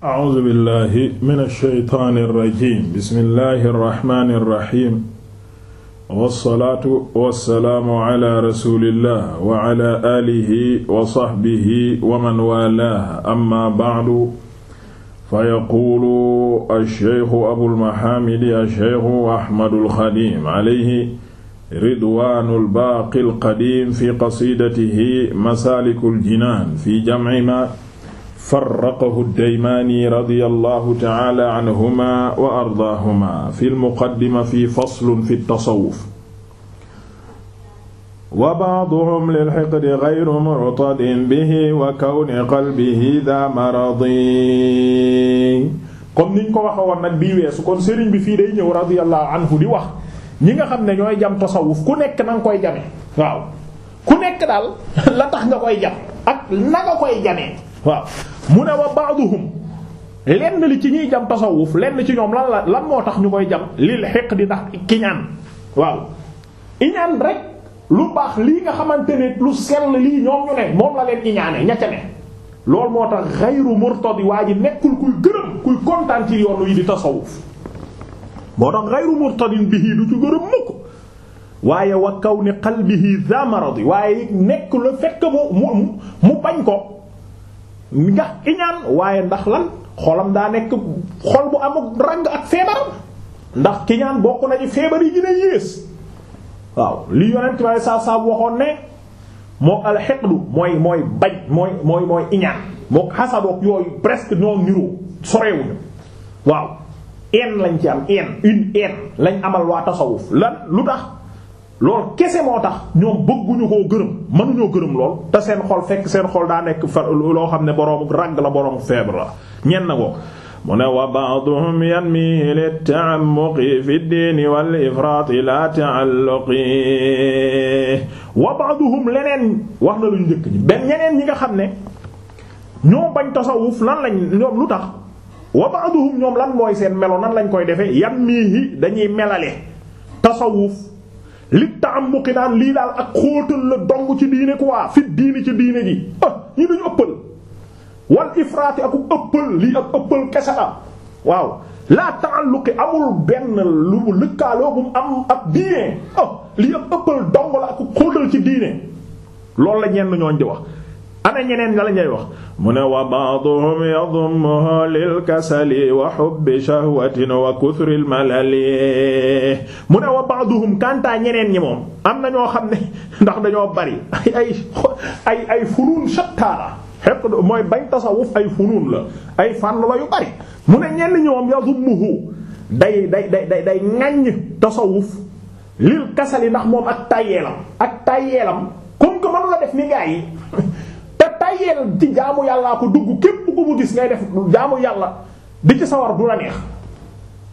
a'uuzu billahi mina shaytaani rajiim bismillahi rahmaani rahiim. wasalaatu wasalaamu ala rasulillah wa ala aalihi wa saxbihi wa man waalaahu amma ba'du. fayaquulu asheeku abul mahamidi asheeku ahmadul xadiim alayhi ridwaanul baaqil qadiim fi qasiidatihi masaalikul jinaan fi jamci ma. farraqahu daymaani radiyallahu ta'ala anhuma wa ardaahuma fil muqaddima fi faslun fi tasawuf wa ba'duhum lil hiqdi ghayru mu'tadin bihi wa kawni qalbihi dha maradi comme niñ ko waxe woon nag bii weesu kon sëriñ bi fii day ñëw radiyallahu anhu di wax ñi nga xam ne ñooy jam tasawuf ku nekk na nga koy jame waaw ku nekk daal la tax nga koy jam ak na nga koy jamee waaw mu ne wa ba'duhum lenn li ci ñuy jam tasawuf lenn ci ñoom lan la lan moo tax ñu koy jam lil xeq di ndax kiñaan waaw iñaan rek lu baax lii nga xamante ne lu sell lii ñoom ñu ne moom la leen iñaane ña ca ne loolu moo tax xayru murtadi waa ji nekkul kuy gërëm kuy kontaan ci yoonu yi di tasawuf moo tax xayru murtadin bihi du ci gërëm mukk waaye wa kaw ni xal qalbihi za maradi waaye nekk la fait que mu mu bañ ko ndax iñaan waaye ndax lan xolam daa nekk xol bu amul rang ak feebaram ndax kiñaan bokk na ci feebar yi dina yées waaw li yonent waaye saab saab waxoon ne moo alxeqlu mooy mooy bañ mooy mooy iñaan moo xasabook yooyu presque ñoom niroo sorewuñu waaw een lañ ci am een une een lañ amal waa tasawuf lan lu tax lool kese moo tax ñoom bëgguñu koo gërëm ñoo gërëm lool te seen xol fekk seen xol daa nekk fa loo xam ne boroomu ràgg la boroomu feebar la ñenn ko mu ne wa ba'duhum yanmihi litta'ammuqi fi diini wal ifraati la ta'alluqi wa ba'duhum leneen wax na lu njëkk benn ñeneen ñi nga xam ne ñoo bañ tasawuf lan lañ ñoom lu tax wa ba'duhum ñoom lan mooy seen melo nan lañ koy defee yanmihi dañuy melale tasawuf li ta'ammuqi naan lii daal ak xóotal la dong ci diine quoi fi diine ci diine ji ah ñi duñu ëppal wal ifraati aku ëppal lii ak ëppal kese la waaw laa ta'alluqi amul benn lu mu lëkkaaloo bu mu am ak diine ah lii ak ëppal dong la aku xóotal ci diine loolu la ñenn ñooñ di wax ana ñeneen nga la ñuy wax mu ne wa ba'dhum yadhummuha lil kasali wa hubbi shahwatin wa kuthril malali mu ne wa ba'dhum kantaa ñeneen ñi moom am na ñoo xam ne ndax dañoo bari ay ay ay funun shattaala xeq mooy bañ tasawuf ay funun la ay fànn la yu bari mu ne ñenn ñoom yadhummuhu day day day day day li tasawuf lil kasali ndax moom ak tàyyeelam ak tàyyeelam comme que mënu la def ni gaa te tayeel ci jaamu yàllaa ko dugg képp ku mu gis ngay def jaamu yàlla di ci sawar du la neex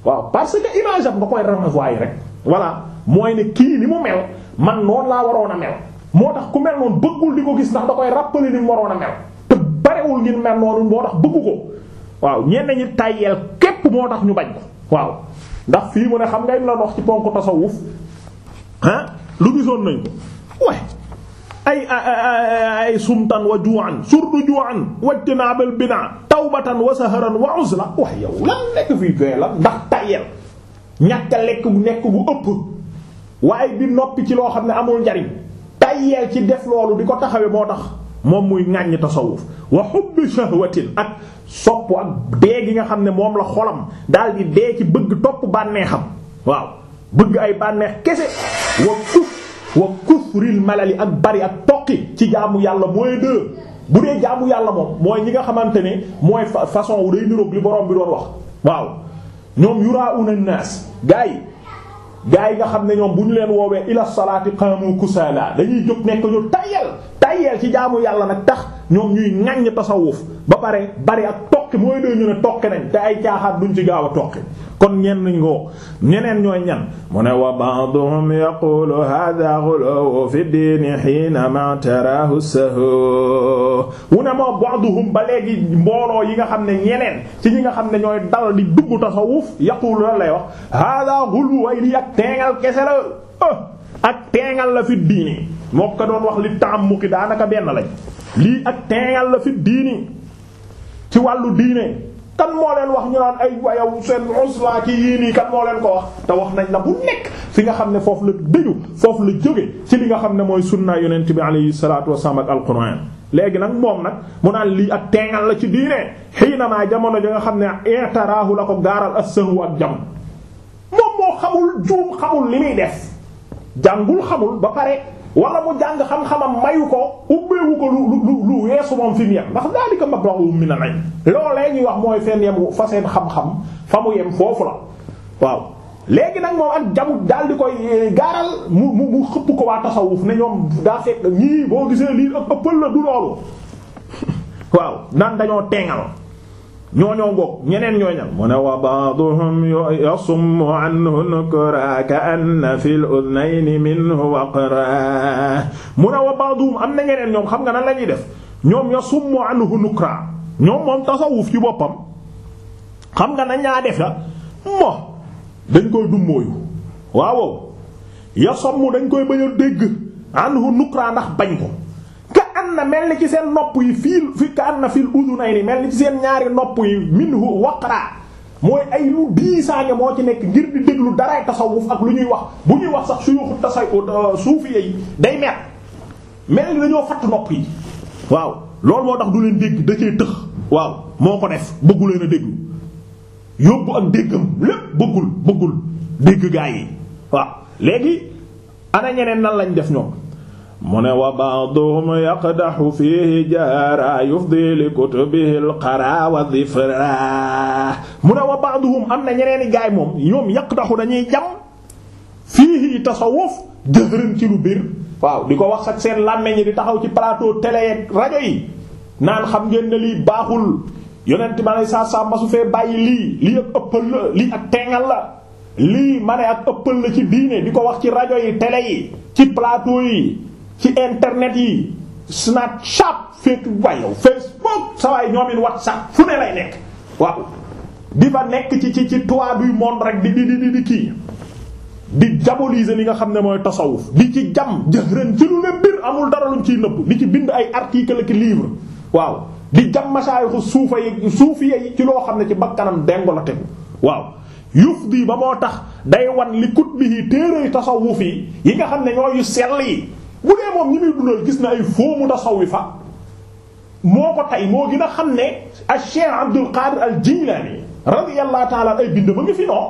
waaw parce que image am nga koy renvoyer rek voilà mooy ne kii ni mu mel man noonu laa waroon a mel moo tax ku mel noonu bëggul di ko gis ndax da koy rappeler ni mu waroon a mel te barewul ngir mel noonu moo tax bëggu ko waaw ñenn ñi tayeel képp moo tax ñu bañ ko waaw ndax fii mu ne xam ngay la dox ci ponk tasawuf ah lu gisoon nañ ko ay ay sumtan wa ju'an surtout ju'an wajtinaabal bid'a tawbatan wa saharan wa uzla wax yow lan nekk fii gay la ndax tayel ñàkk lekk bu nekk bu ëpp waaye di noppi ci loo xam ne amul njariñ tayel ci def loolu di ko taxawe moo tax moom muy ŋàññ tasawuf wa hubbi shahwatin ak sopp ak dee gi nga xam ne moom la xolam daal di dee ci bëgg topp bànneexam waaw bëgg ay bànneex kese wa wa kufril malali ak bari ak toqi ci jaamu yàlla mooy deux bu dee jaamu yàlla moom mooy ñi nga xamante ne mooy façon wu day niroog li borom bi doon wax waaw ñoom yuraa'una naas gaa yi gaa yi nga xam ne ñoom bu ñu leen woowee ila salaati qaamu kusaala dañuy jóg nekk ñu tayal tayeel ci jaamu yàlla nag tax ñoo ñuy ŋaññ tasawuf ba pare bari ak tokki mooy dee ñu ne tokki nañ te ay caaxaat duñ ci gaaw a tokki kon ñenn ngoo ñeneen ñooy ñan mu ne wa ba'dhum yaqulu hadha ghulu fi diini hiina ma tarahu sahu wu ne ba léegi mbooloo yi nga xam ne ñeneen ci ñi nga xam ne ñooy dal di dugg tasawuf yaqulu la lay wax hadha ghulu ak teengal kese la ak teengal la fi diini moo ko doon wax li ta'ammuqi daanaka benn lañ lii ak teeŋal la fi diini ci wàllu diine kan moo leen wax ñu naan ay wayaw seen usla ki yii nii kan moo leen ko wax te wax nañ la bu nekk fi nga xam ne foofu la dëju foofu la jóge ci li nga xam ne mooy sunna yonent bi alayhi salatu wasalaam ak alquran léegi nag moom nag mu naan lii ak teeŋal la ci diine xiinamaa jamono ja nga xam ne i'tarahu la ko gaaral as-sahwu ak jam moom moo xamul juum xamul li muy wala mu jàng xam-xamam mayu ko ubbeewu ko lu lu lu weesu moom fi mu yem ndax daalika mablaghum na al-ilm loolee ñuy wax mooy fenn yem fa seen xam-xam fa mu yem foofu la waaw. léegi nag moom ak jamu daal di koy eh, gaaral mu mu xëpp ko waa tasawuf ne ñoom daa fekk ñii boo gisee lii ëpp ëppal la du loolu waaw naan dañoo teengal. ñooñoo ngoog ñeneen ñooñal mu a wa ba'duhum yasummu anhu nukra ka anna fil udnayni minhu waqra mu ne wa ba'duhum na ñeneen ñoom xam nga nan la def ñoom yasummu anhu nukra ñoom moom tasawuf ci boppam xam nga na laa def la mo dañ koy dummóoyu waaw yasammu dañ koy bañ dégg anhu nukra ndax bañ ko an mel ni ci seen nopp yi fii fi ka an na fil udunayni mel ni ci seen ñaari nopp yi minhu waqra mooy ay lu diisaange moo ci nekk ngir di déglu daraay tasawuf ak lu ñuy wax bu ñuy wax sax suyuxu tasawuf uh, suuf yi day mer mel ni dañoo fatt nopp yi waaw loolu moo tax du leen dégg da cee tëx waaw moo ko def bëggu leen yóbbu ak déggam lépp bëggul bëggul dégg gaa yi waaw léegi ana ñeneen nan lañu def ñoom mu ne wa ba'duhum yaqdaxu fiihi jaara yufdi li kutubihi al-qara am na ñeneeni gaay moom ñoom yaqdaxu dañuy jam fiihi tasawuf ci biir waaw di ko wax ak seen làmmiñ di taxaw ci plateau télé rajo yi naan xam ngeen ne baaxul yonent ma ne saa saa masu fee bàyyi lii lii ak ëppal la lii ak teengal la lii ma ne ak ëppal la ci diine di ko wax ci rajo yi tele yi ci plateau yi ci internet yi Snapchat Facebook waaye yow Facebook sa waay ñoomin WhatsApp fu ne lay nekk waaw di fa nekk ci ci ci toit du monde rek di di di di kii di diaboliser li nga xam ne mooy tasawuf di ci jam jëxërën ci lu ne mbir amul dara luñ ciy nëbb di ci bind ay article ak livre waaw di jam masaayixu suuf yi suufiya yi ci loo xam ne ci bakkanam dengo la tegu waaw yuf di ba moo tax day wan li bi yi téere tasawuf yi yi nga xam ne ñooyu sell yi bu dee moom ñi muy dundal gis na ay faux mutasawwifa moo ko tey moo gën a xam ne a Cheikh Abdul Qadir al Jilani radiyallahu ta'ala ay bind ba ngi fi non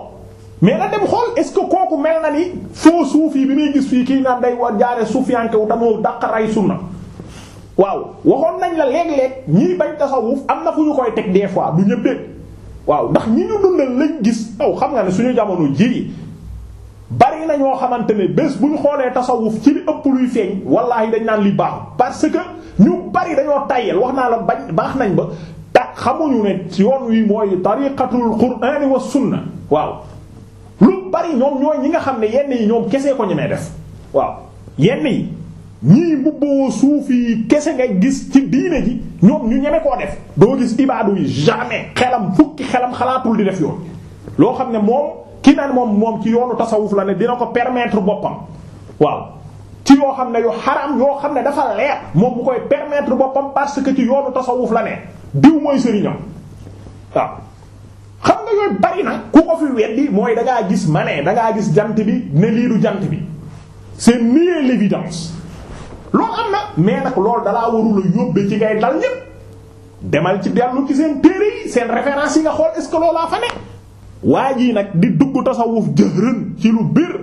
mais la dem xool est-ce que kooku mel na ni faux suufi bi muy gis fii kii naan day wa jaare suufiyanke wu tamoo daq ray na waaw waxoon nañ la léeg-léeg ñiy bañ tasawuf am na fu ñu koy teg des fois du ñëpp waaw ndax ñi ñu dundal lañ gis aw xam nga ne suñu jamono ji bari na ñoo xamante ne bés bu ñu xoolee tasawuf ci li ëpp luy feeñ wallaahi dañ naan li baaxul parce que ñu bari dañoo tayel wax naa la bañ baax nañ ba ta xamuñu ne yoon wi mooy tariqatul qur'ani wa sunna waaw lu bari ñoom ñooy ñi nga xam ne yenn yi ñoom kese ko ñu may def waaw yenn yi ñii mbubboo suuf kese nga gis ci diine ji ñoom ñu ñeme koo def doo gis ibaadu yi jamais xelam fukki xelam xalaatul di def yoon loo xam ne moom ki naan moom moom ci yoonu tasawuf la ne dina ko permettre boppam waaw ci yoo xam ne yu xaram yoo xam ne dafa leer moom mu koy permettre boppam parce que ci yoonu tasawuf la ne diw mooy sëriñam waaw xam nga yooyu bari na ku ko fi weddi mooy da gis ma ne da gis jant bi ne lii du jant bi seen c'est nier l'évidence loolu am na mais nag loolu dalaa warul a yóbbe ci ngay dal ñépp demal ci dellu ci seen téere yi seen référence yi nga xool est-ce waa jii nag di dugg tasawuf jëhrën ci lu biir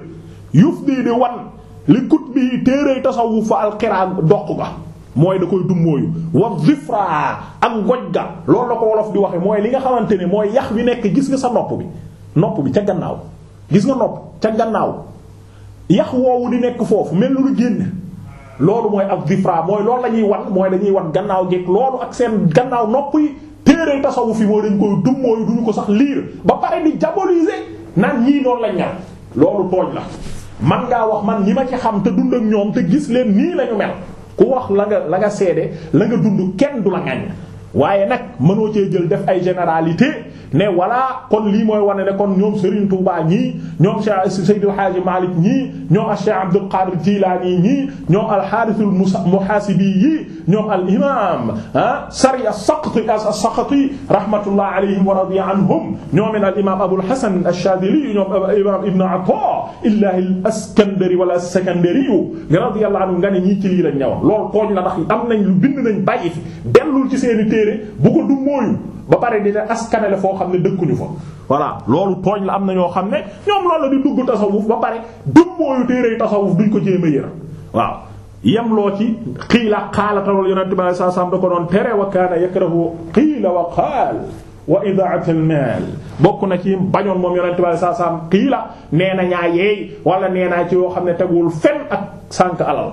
yuf dii di wan li kut bi téeréy tasawuf fa alxiraan doq ga mooy da koy dummóoyu wa zifra ak ngoj ga loolu la ko wolof di waxe mooy li nga xamante ne mooy yax bi nekk gis nga sa nopp bi nopp bi ca gannaaw gis nga nopp ca gannaaw yax woowu di nekk foofu mel lu génn loolu mooy ak zifra mooy loolu lañuy ñuy mooy dañuy wan gannaaw geeg loolu ak seen gannaaw nopp yi téere tasawuf fi mooy dañ koy dum mooy duñu ko sax liir ba pare di diaboliser naan ñii noonu lañ ñal loolu tooñ la man ngaa wax man ñi ma ci xam te dund ak ñoom te gis leen nii lañu mel ku wax la nga la nga seede la nga dund kenn du la ngañ waaye nag mënoo cee jël def ay généralité ne voilà kon lii mooy wane ne kon ñoom Serigne Touba ñii ñoom Cheikh Seydil Hadji Malick ñii ñoom a Cheikh Abdul Qadir Jilani ñoom al-Harithul Muhasibi yii ñoom al imam ah Sari as-Saqati as-Saqati rahmatullah alayhim wa radiya anhum ñoom al imam Abul Hasan ash-Shadhili ñoom imam Ibn Ata Illah al-Iskandari wala as-Sakandari radiyallahu anhu nga ne ñii ci lii lañ ñëwoon loolu tooñ la ndax am nañ lu bind nañ bàyyi fi dellul ci seeni téere bu ko du ba pare di dina askanale foo xam ne dëkkuñu fa voilà loolu tooñ la am na ñoo xam ne ñoom loolu la di dugg tasawuf ba pare dummóoyu téere tasawuf duñ ko jéem a yëra waaw loo ci xiila xaalatalol yonente bi alei saa salaam da ko doon tere wa kaana yakrahu xiila wa xaal wa idaat al mal bokk na ci bañoon moom yonente bi alei saa salaam xiila nee na ñaa yeey nee naa ci yoo xam ne tegul fen ak sànk alal